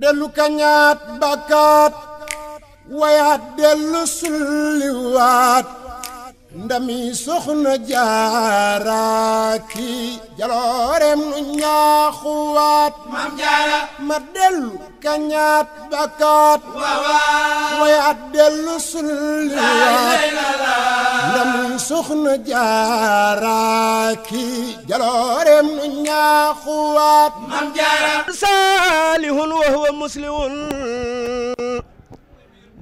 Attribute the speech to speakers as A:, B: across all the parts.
A: dellu kañaat bakkaat wayaat dellu sulliwaat ndami soxna jaaraaki jaloorem nu ñaaxuwaat maam jaara ma dellu kañaat bakaat waawaaw wayaat dellu sulliwaat ndami soxna jaaraaki jaloorem nu ñaaxuwaat maam jaara saalihun wa
B: huwa muslihun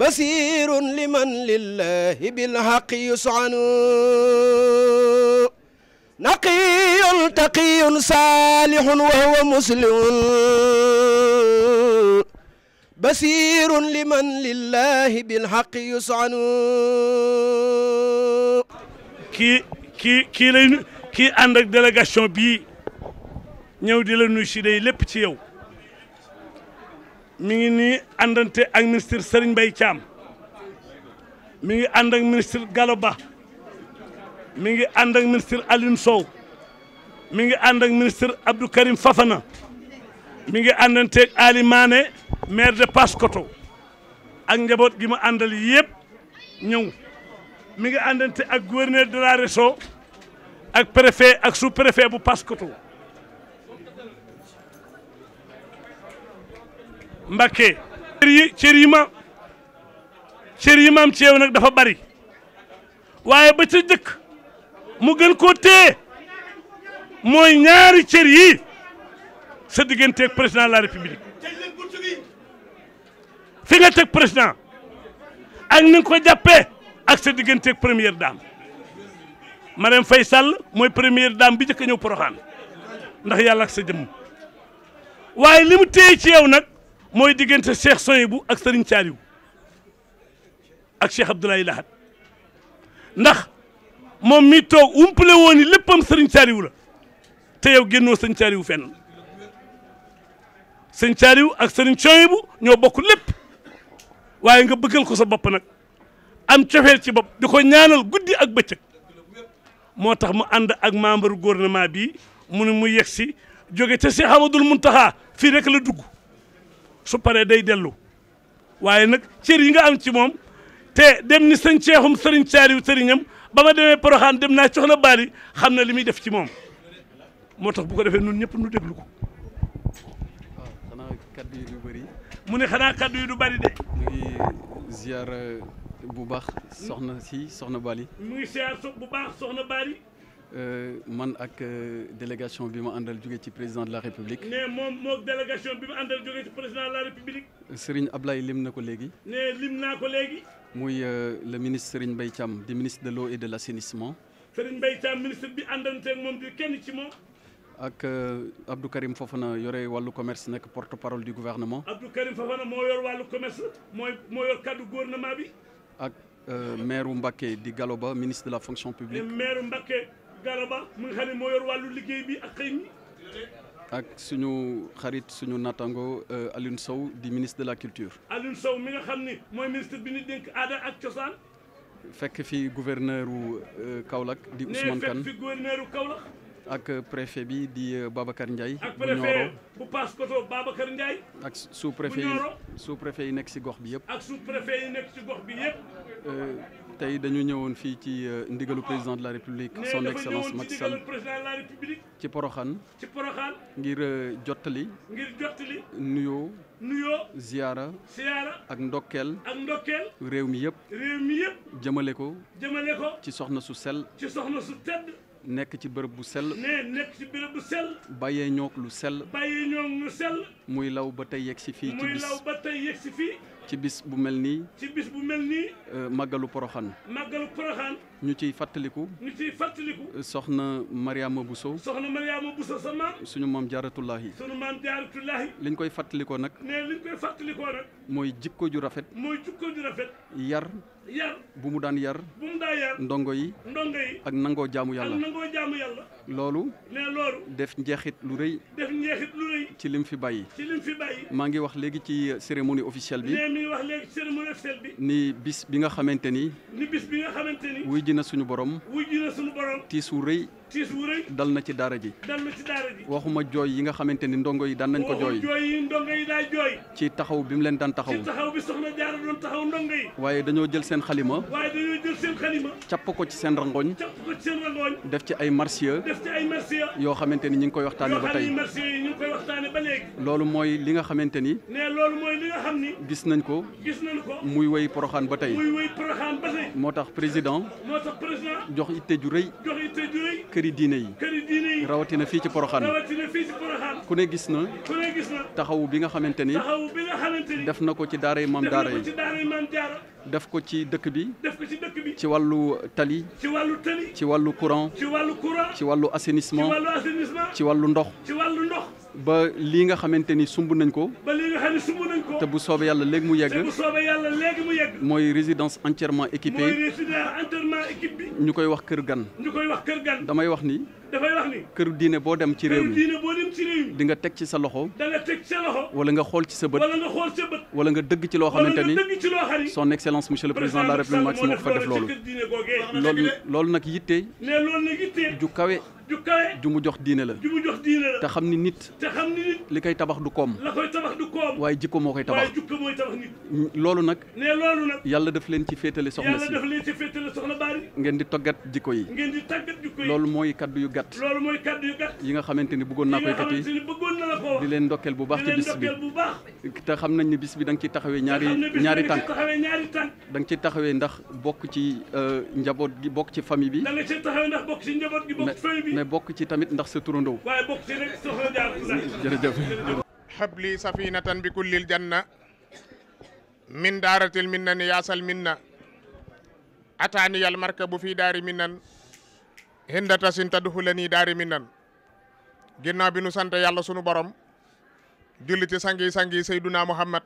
B: basirun liman lillahi bilhaqi yusanu naqiyun taqiyun salihun wa huwa muslimun basirun liman lillahi bilhaqi yusanu kii kii kii lay kii ànd ak délégation bii ñëw di la nuyu si day lépp ci yow mi ngi nii àndante ak ministre Serigne Mbaye Thiam mi ngi ànd ak ministre Ba mi ngi ànd ak ministre Sow mi ngi ànd ak ministre Fafana mi ngi àndante ak Ali Mané de Paskoto ak njaboot gi ma àndal yëpp ñëw mi ngi àndante ak gouverneur de la région ak préfet ak sous-préfet bu Paskoto Mbakke. cër yi cër yi ma cër yi ma am ci yow nag dafa bari waaye ba ca njëkk mu gën koo téye mooy ñaari cër yi sa digganteeg président la république fi nga teg président ak ni nga ko jàppee ak sa digganteeg première dame Marème fay Sall mooy première dame bi njëkk ñëw Porokhane ndax yàlla ak sa waaye li mu téye ci yow nag mooy diggante Cheikh Soyebu ak Serigne Saliou ak Cheikh Abdoulaye Lahad ndax moom mii toog umpale woon ni léppam Serigne Saliou la te yow génnoo Serigne Saliou fen sën Saliou ak Serigne Soyebu ñoo bokk lépp waaye nga bëggal ko sa bopp nag am cofeel ci bopp di ko ñaanal guddi ak bëccëg moo tax mu ànd ak membre gouvernement bi mu ne mu yegg si jóge ca Cheikh Amadou Mountakha fii rek la dugg. su paree day dellu waaye nag cër yi nga am ci moom te dem ni sëñ ceexum sëriñ caariw sëriñam ba ma demee poroxaan dem naa cox na baali xam na li muy def ci moom moo tax bu ko defee nun ñëpp nu déglu ko
C: mu ne xanaa kaddu yi du bari de mu ngi bu baax soxna si soxna Bali mu ngi ziar bu baax soxna Bali Euh, man ak euh, délégation bi ma àndal jóge ci président de la république. ne moom moog délégation bi ma àndal jóge ci président de la république. Serigne Ablaye lim na ko léegi.
B: ne lim naa ko léegi.
C: muy euh, le ministre Serigne Mbaye Thiam di ministre de l'eau et de l'assainissement.
B: Serigne Mbaye Thiam ministre bi àndanteeg moom di kenn ci moom.
C: ak Abdou Karim na yore wàllu commerce nekk porte-parole du gouvernement.
B: Abdou Karim Fofana moo yor wàllu commerce moo
C: yor ministre la fonction publique.
B: garaba mu nga xam ne moo wàllu liggéey bi ak xëy mi
C: ak suñu xarit suñu nattango euh, Alioune Sow di ministre de la culture.
B: Alioune Sow mi nga xam ni mooy ministre bi ñu dénk aada ak cosaan.
C: fekk fi gouverneur wu euh, Kaolack di Ousmane
B: Kane
C: ak préfet bi di Babacar Ndiaye.
B: bu Paskoto Babacar Ndiaye.
C: ak sous préfet yi nekk si gox bi yëpp. ak tey dañu ñëwoon fii ci euh, ndigalu président de la république son excellence Macky Sall ci Poroxaan ci Poroxaan ngir euh, jottali
B: ngir jottali
C: nuyoo nuyoo ziyaara ziyaara ak ndokkeel ak ndokkeel réew mi yëpp réew mi yëpp jëmale ko jëmale ko ci soxna su sell ci soxna su tedd nekk ci bërëb bu sell. nee nekk ci bërëb bu sell. bàyyee ñoog lu sell. bàyyee ñoog lu sell. muy law ba tey yegg ci fii ci muy law
B: ba tey yegg si fii.
C: ci bis bu mel nii.
B: ci bis bu mel nii.
C: Euh, màggalu poroxaan.
B: màggalu poroxaan.
C: ñu ciy fàttaliku.
B: ñu ciy fàttaliku.
C: Euh, soxna Mariama Bousso. soxna Mariama Bousso sa maam. suñu moom jaaratullaahi. suñu maam jaaratullaahi. liñ koy fàttalikoo nag. nee liñ koy fàttalikoo nag. mooy jikko ju rafet. mooy jikko ju rafet. yar. yar bu mu daan yar. bu mu daan yar. ndongo yi. ndongo yi ak nangoo jaamu yàlla. loolu. nee loolu. def njeexit lu rëy. ci lim fi bàyyi.
B: ci lim fi bàyyi.
C: maa ngi wax léegi ci cérémonie officielle bi.
B: nee
C: ni bis bi nga xamante ni. ni ji na suñu borom.
B: wuy ji na suñu borom.
C: tiis wu rëy. tiis wu dal na ci daara ji waxuma jooy yi nga xamante ni ndongo yi daan nañ ko jooy
B: yi ndongo yi daa jooy
C: ci taxaw bi mu leen daan taxaw
B: bi soxna jaara doon taxaw ndongo yi
C: waaye dañoo jël seen xalima
B: waaye
C: capp ko ci seen rangoñ capp
B: ko ci seen rangoñ
C: def ci ay marsiya yoo xamante ni ñu ngi koy waxtaane ba tey loolu mooy li nga xamante ni
B: ne loolu mooy li nga xam ni gis nañ ko muy
C: woy poroxaan ba tey muy
B: woy poroxaan ba tey
C: moo tax président jox itte ju këri
B: diine fii ci Porokhane
C: ku ne gis na taxawu bi nga xamante ni def na ko ci daaray maam daara yi def ko ci dëkk bi ci wàllu tali ci wàllu courant ci wàllu assainissement ci wàllu ndox ba lii nga xamante ni sumb nañ ko.
B: ba lii nga xam sumb nañ ko. te
C: bu soobee yàlla léegi mu yegg. te bu soobee
B: yàlla léegi mu yegg.
C: mooy résidence entièrement équipe mooy ñu koy wax kër gan. damay wax nii kër wax ni. diine boo dem ci réew mi këru diine
B: boo
C: di nga teg ci sa loxo.
B: da nga
C: wala nga xool ci sa bët. wala nga xool wala nga dëgg ci loo xamante ni. son excellence monsieur le président de la république Macky moo ko fa def loolu. loolu nag yitte. ne ju kawe. ju ju mu jox diine la. xam ni nit. xam li koy tabax du koom. la koy tabax moo koy tabax. loolu nag. loolu yàlla daf leen ci féetale soxla
B: si.
C: ngeen di toggat jikko yi.
B: di toggat yi. loolu
C: mooy kaddu yu gàtt mooy kàddu yu yi nga xamante ni buggoon na koy kat di leen ndokkeel bu baax ci bis bi te xam nañ ne bis bi da nga ciy taxawee ñaari ñaari tànk da euh, taxawee ndax bokk ci njaboot gi bokk ci famille bi mais bokk ci tamit ndax sa turandoo jërëjëf
A: habli safinatan bi kullil janna min daaratil minna ni yaasal minna ataaniyal marka bu fii daari minnan hindata sin tadduxule nii daari mi nan bi nu sant yàlla sunu borom julli ci sangi sangi sayduna muhammad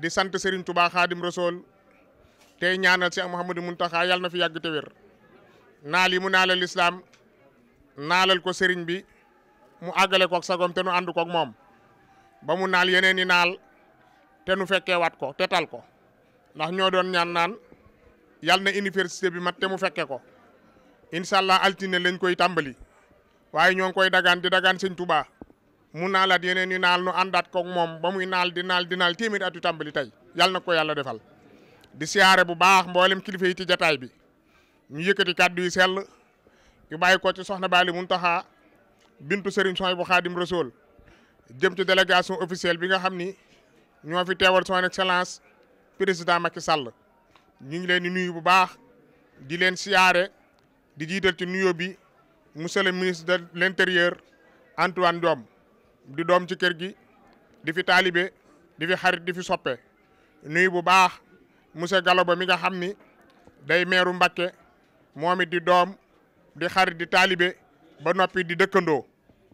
A: di sant Serigne Touba Khadim Rasoul tey ñaanal Cheikh Mouhamadou Mountakha yàlla na fi yàgg te wér naal yi mu naalal lislaam naalal ko Serigne bi mu àggale koog sagom te nu ànd koog moom ba mu naal yeneen i naal te nu fekkee waat ko te tal ko ndax ñoo doon ñaan naan yàlla na université bi mat te mu fekke ko. incha allah altine lañ koy tàmbali waaye ñoo ngi koy dagaan di dagaan sëñ Touba mu naalaat yeneen i naal nu àndaat kook moom ba muy naal di naal di naal téeméeri at yu tàmbali tey yàlla na ko yàlla defal. di siyaare bu baax mboolem kilifa yi ci jataay bi ñu yëkkati kàddu yi sell yu bàyyi ko ci soxna Baali taxa bintu Serigne Soy bu Xaadim Rasool jëm ci délégation officielle bi nga xam ni ñoo fi teewal son excellence président Macky Sall ñu ngi leen di nuyu bu baax di leen siyaare di jiital ci nuyoo bi monsieur le ministre de l'intérieur Antoine Diome di doom ci kër gi di fi taalibe di fi xarit di fi soppe nuyu bu baax monsieur Gallo Ba mi nga xam ni day meeru Mbacké moom di doom di xarit di taalibe ba noppi di dëkkandoo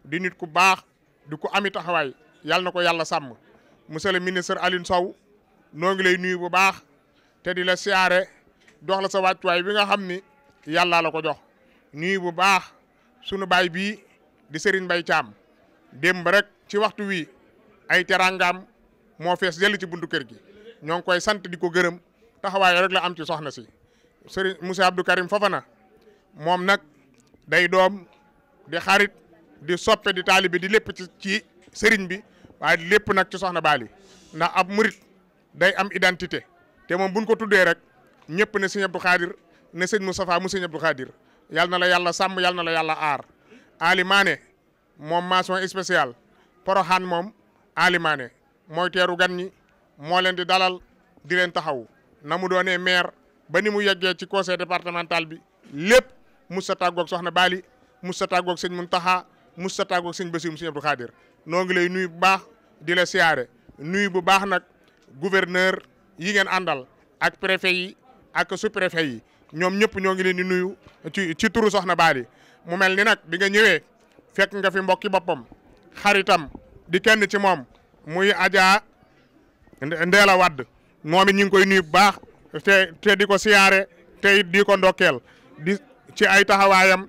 A: di nit ku baax di ku ami taxawaay yàlla na ko yàlla sàmm monsieur le ministre Aline Sow noo ngi lay nuyu bu baax te di la siyaare jox la sa wàccuwaay bi nga xam ni yàllaa la ko jox nuyu bu baax sunu baay bi di Serigne Mbaye caam démb rek ci waxtu wi ay teraangam moo fees dell ci buntu kër gi ñoo ngi koy sant di ko gërëm taxawaay rek la am ci soxna si Serigne Moussa Abdou Karim Fofana moom nag day doom di xarit di soppe di taalibe di lépp ci ci Serigne bi waaye di lépp nag ci soxna baali ndax ab murit day am identité te moom buñ ko tuddee rek ñëpp ne Serigne Abdou Khadir ne sëñ Moustapha mu sëñ Abdou Khadir yal na la yàlla sàmm yal na la yàlla aar alimaane moom mason spéciale poroxaan moom alimaane mooy teeru gan ñi moo leen di dalal di leen taxaw na mu doonee maire ba ni mu yeggee ci conseil départemental bi lépp musta tàggoog soxna Bali musta tàggoog sëñ Muntaxa musta tàggoog sëñ Basiru sëñ Abdou Khadir noo ngi lay nuyu bu baax di la siyaare nuy bu baax nag gouverneur yi ngeen àndal ak préfet yi ak sous préfet yi ñoom ñëpp ñoo ngi leen di nuyu ci ci turu soxna Bally mu mel ni nag bi nga ñëwee fekk nga fi mbokki boppam xaritam di kenn ci moom muy Adja Ndeela Wade moom it ñu ngi koy nuyu bu baax te te di ko siyaare te it di ko ndokkeel di ci ay taxawaayam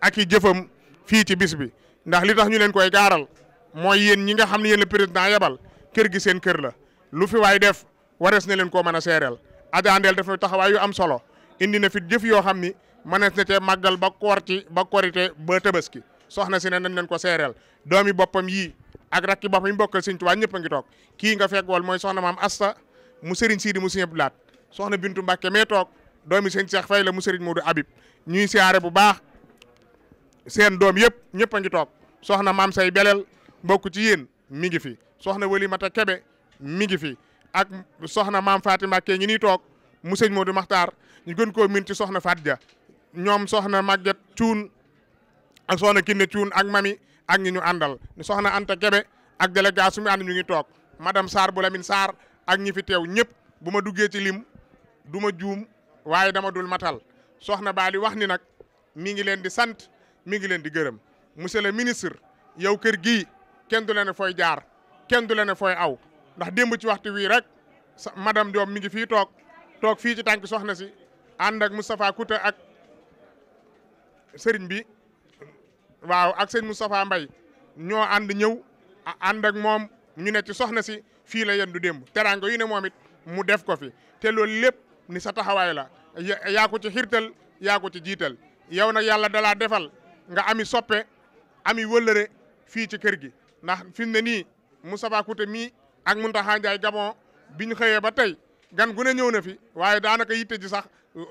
A: ak i jëfam fii ci bis bi ndax li tax ñu leen koy gaaral mooy yéen ñi nga xam ne yéen la président yebal kër gi seen kër la lu fi waay def warees na leen koo mën a seereel Adja Ndeel dafa taxawaay yu am solo indi na fi jëf yoo xam ni mënees na cee màggal ba koor ci ba korite ba tabaski soxna si ne nañ leen ko seereel doomi boppam yii ak rakki boppam yi bokkal Sëñ Tuubaa ñëpp ngi toog kii nga fekk wal mooy soxna maam Asta mu Serigne Sidi mu Sëñ laat soxna Bintu Mbàkke mee toog doomi Sëñ Seex Fay la mu Serigne Moodu Abib ñuy siyaare bu baax seen doom yëpp ñëpp a ngi toog soxna maam say beleel mbokk ci yéen mi ngi fi soxna Wali Mata Kebe mi ngi fi ak soxna maam Fatima Mbàkke ñi toog mu Sëñ Moodu ñu gën koo min ci soxna Faat Ja ñoom soxna Maguette Cuun ak soxna Kiné Cuun ak mami ak ñi ñu àndal soxna Anta Kebe ak délégation mi ànd ñu ngi toog madame Sarr bu Lamine Sarr ak ñi fi teew ñëpp bu ma duggee ci lim du ma juum waaye dama dul matal soxna Baali wax ni nag mi ngi leen di sant mi ngi leen di gërëm monsieur le ministre yow kër gi kenn du leen fooy jaar kenn du leen fooy aw ndax démb ci waxtu wii rek madame Diop mi ngi fii toog toog fii ci tànki soxna si ànd ak Moustapha ak sëriñ bi waaw ak sëriñ Moustapha Mbay ñoo ànd ñëw ànd ak moom ñu ne ci soxna si fii la yendu démb teraanga yu ne moom mu def ko fi te loolu lépp ni sa taxawaay la yaa ci xirtal yaa ci jiital yow nag yàlla dalaa defal nga ami soppe ami wëllëre fii ci kër gi ndax fi mu ne nii Moustapha Kouta mii ak Mountakha Ndiaye Gabon bi xëyee ba tey gan gu ne ñëw na fi waaye daanaka yitte ji sax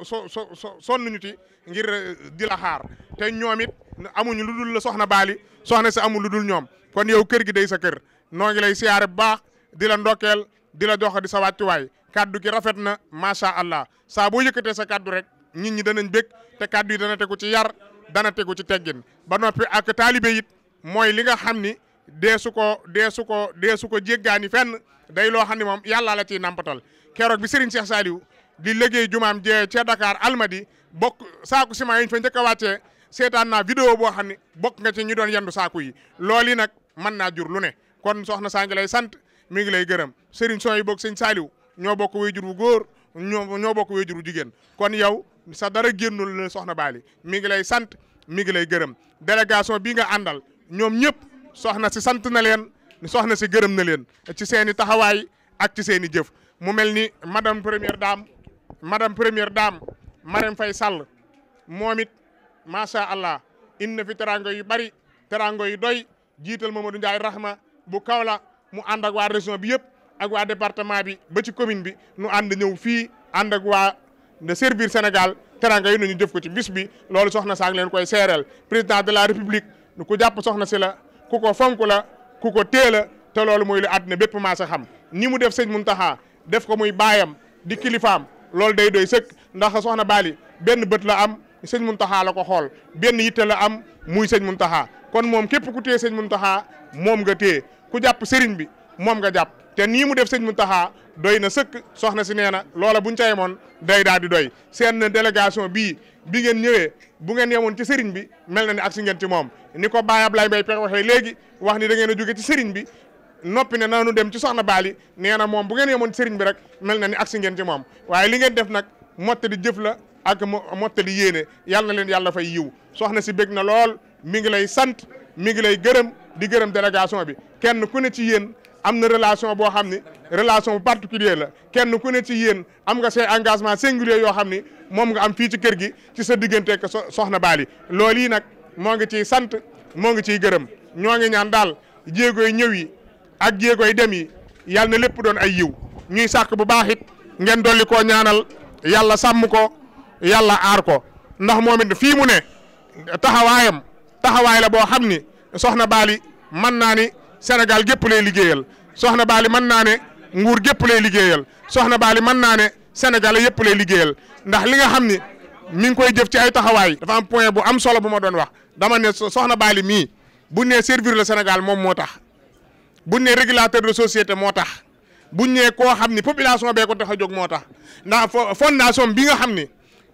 A: so so sonn ñu ti ngir eh, di la xaar te ñoom it amuñu lu dul la soxna baali soxna si amul lu dul ñoom kon yow kër gi day sa kër noo ngi lay siyaare bu baax di la ndokkeel di la jox di sa wàccuwaay kaddu gi rafet na macha allah saa boo yëkkatee sa kaddu rek nit ñi danañ bég te kaddu yi dana tegu ci yar dana tegu ci teggin ba noppi ak taalibe it mooy li nga xam ni deesu ko deesu ko deesu ko jéggaani fenn day loo xam ne moom yàlla la ciy nampatal keroog bi Serigne Cheikh Saliou di liggéey jumaam jee ca dakaar Almadi bokk saaku ciment yi ñu fa njëkk a wàccee seetaan naa vidéo boo xam ne bokk nga ci ñu doon yandu saaku yi loolu yi nag mën naa jur lu ne kon soxna saa ngi lay sant mi ngi lay gërëm Serigne son yi bokk sëñ Saliou ñoo bokk wéyjur bu góor ñoo ñoo bokk wéyjur bu jigéen kon yow sa dara génnul la soxna Baali mi ngi lay sant mi ngi lay gërëm délégation bii nga àndal ñoom ñëpp soxna si sant na leen soxna si gërëm na leen ci seen taxawaay ak ci seen jëf mu mel ni madame première dame madame première dame Marème Faye Sall moom it macha allah indi na fi teraango yi bari teraango yi doy jiital ma Mamadou Ndiaye Rahma bu Kaolack mu ànd ak waa région bi yëpp ak waa département bi ba ci commune bi nu ànd ñëw fii ànd ak waa de servir Sénégal teraanga yi ñu jëf ko ci bis bi loolu soxna saa leen koy seereel président de la république nu ku jàpp soxna si la ku ko fonk la ku ko tée te loolu mooy lu àddina bépp maa xam ni mu def sëñ Muntaxa def ko muy baayam di kilifaam loolu day doy sëkk ndax soxna baali benn bët la am sëñ Muntaxa la ko xool benn yitte la am muy sëñ taxaa kon moom képp ku téye sëñ taxaa moom nga téye ku jàpp sëriñ bi moom nga jàpp te nii mu def sëñ taxaa doy na sëkk soxna si nee na loola buñ ca yemoon day daal di doy seen délégation bii bi ngeen ñëwee bu ngeen yemoon ci sëriñ bi mel na ni ak si ngeen ci moom ni ko Baye Ablaye Mbaye pexe waxee léegi wax ni da a jóge ci sëriñ bi noppi ne naanu dem ci soxna Baali nee na moom bu ngeen yemoon sëriñ bi rek mel na ni agsi ngeen ci moom waaye li ngeen def nag mottali jëf la ak mottali yéene yàlla leen yàlla fay yiw soxna si bég na lool mi ngi lay sant mi ngi lay gërëm di gërëm délégation bi kenn ku ne ci yéen am na relation boo xam ni relation bu particulier la kenn ku ne ci yéen am nga say engagement singulier yoo xam ni moom nga am fii ci kër gi ci sa digganteeg soxna Baali loolu yi nag moo ngi ciy sant moo ngi ciy gërëm ñoo ngi daal jéego yi ñëw yi ak jéegoy dem yi yàlla na lépp doon ay yiw ñuy sàkk bu baax it ngeen dolli ko ñaanal yàlla sàmm ko yàlla aar ko ndax moom it fii mu ne taxawaayam taxawaay la boo xam ni soxna baali mën naa ni Sénégal gépp lay liggéeyal soxna baali mën naa ne nguur gépp lay liggéeyal soxna Bali mën naa ne Sénégal yëpp lay liggéeyal ndax li xam ni mi ngi koy jëf ci ay taxawaay. dafa am point bu am solo bu ma doon wax dama ne soxna baali mii bu ne servir le Sénégal moom moo tax. buñ ne régulateur de société moo tax buñ ne koo xam ni population bee ko tax a jóg moo tax ndax fondation bi nga xam ni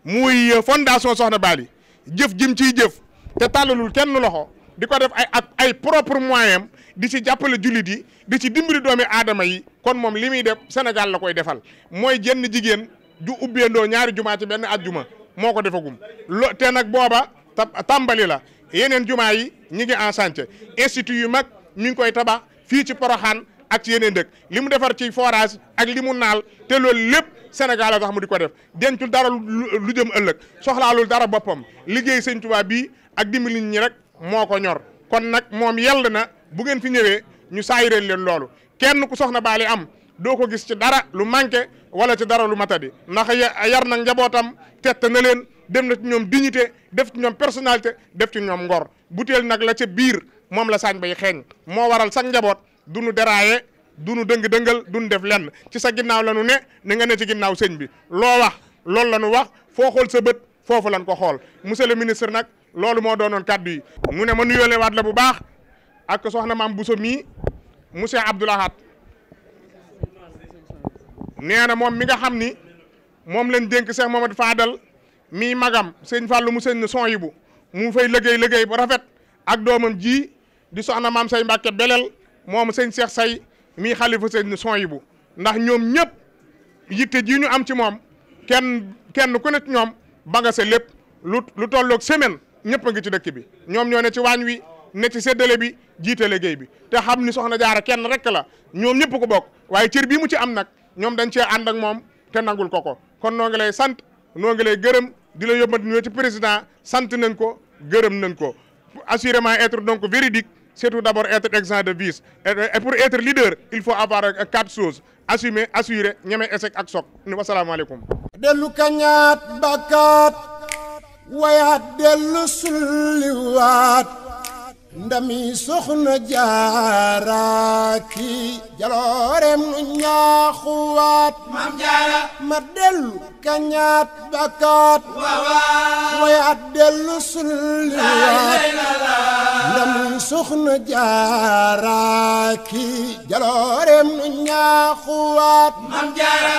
A: muy euh, fondation Soxna Bali jëf jim ci jëf te tàllalul kenn loxo di ko def ay ak ay propre moyen di ci jàppale jullit yi di ci dimbali doomi aadama yi kon moom li muy def Sénégal la koy defal mooy jenn jigéen ju ubbeendoo ñaari jumaa ci benn àjjuma moo ko defagum lo nag booba tàmbali la yeneen jumaa yi ñi en chantier institut yu mag mi ngi koy tabax fii ci Poroxaan ak ci yeneen dëkk li mu defar ci forage ak li mu naal te loolu lépp Sénégal la tax mu di ko def dencul dara lu jëm ëllëg soxlaalul dara boppam liggéey sëñ Tuubaa bii ak dimbali ñi rek moo ko ñor kon nag moom yell na bu ngeen fi ñëwee ñu saayireel leen loolu kenn ku soxna baale am doo ko gis ci dara lu manqué wala ci dara lu matadi ndax yar na njabootam tett na leen dem na ci ñoom dignité def ci ñoom personnalité def ci ñoom ngor butéel nag la ca biir moom la saañ bay xeeñ moo waral sax njaboot du nu deraaye du nu dëng-dëngal du nu def lenn ci sa ginnaaw la nu ne ni nga ne ci ginnaaw sëñ bi loo wax loolu la nu wax foo xool sa bët foofu lan ko xool monsieur le ministre nag loolu moo doonoon kàddu yi mu ne ma nuyoolee waat la bu baax ak soxna maam Bousso mii monsieur Abdou Lahad nee na moom mi nga xam ni moom leen dénk Cheikh Mamadou Fadal mii magam sëñ Fallou mu sëñ son yi bu mu fay liggéey liggéey bu rafet ak doomam ji di soxna maam say Mbàkke belel moom sëñ Cheikh say mii xalifa sëñ bu ndax ñoom ñëpp yitte ji ñu am ci moom kenn kenn ku nekk ñoom ba se sa lépp lu lu tolloog semaine ñëpp ngi ci dëkk bi ñoom ñoo ne ci waañ wi ne ci séddale bi jiite liggéey bi te xam ni soxna jaara kenn rek la ñoom ñëpp ko bokk waaye cër bii mu ci am nag ñoom dañ cee ànd ak moom te nangul ko ko kon noo lay sant noo ngi lay gërëm di la yóbbante nuyoo ci président sant nañ ko gërëm nañ ko assurément être donc véridique c'est tout d'abord être exempt de vice et pour être leader il faut avoir euh, quatre choses assumer assurer ñeme échec ak soog ni wasalaamaaleykum dellu kañaat bàkkaat wayaat dellu sulliwaat ndami soxna jaaraaki jaloorem nu ñaaxuwaat mam jaara ma dellu kañaat bàkkaat wayaat dellu sulliwaat ndam soxna jaara ki jaloorem nu
B: ñaaxuwaat mam jaara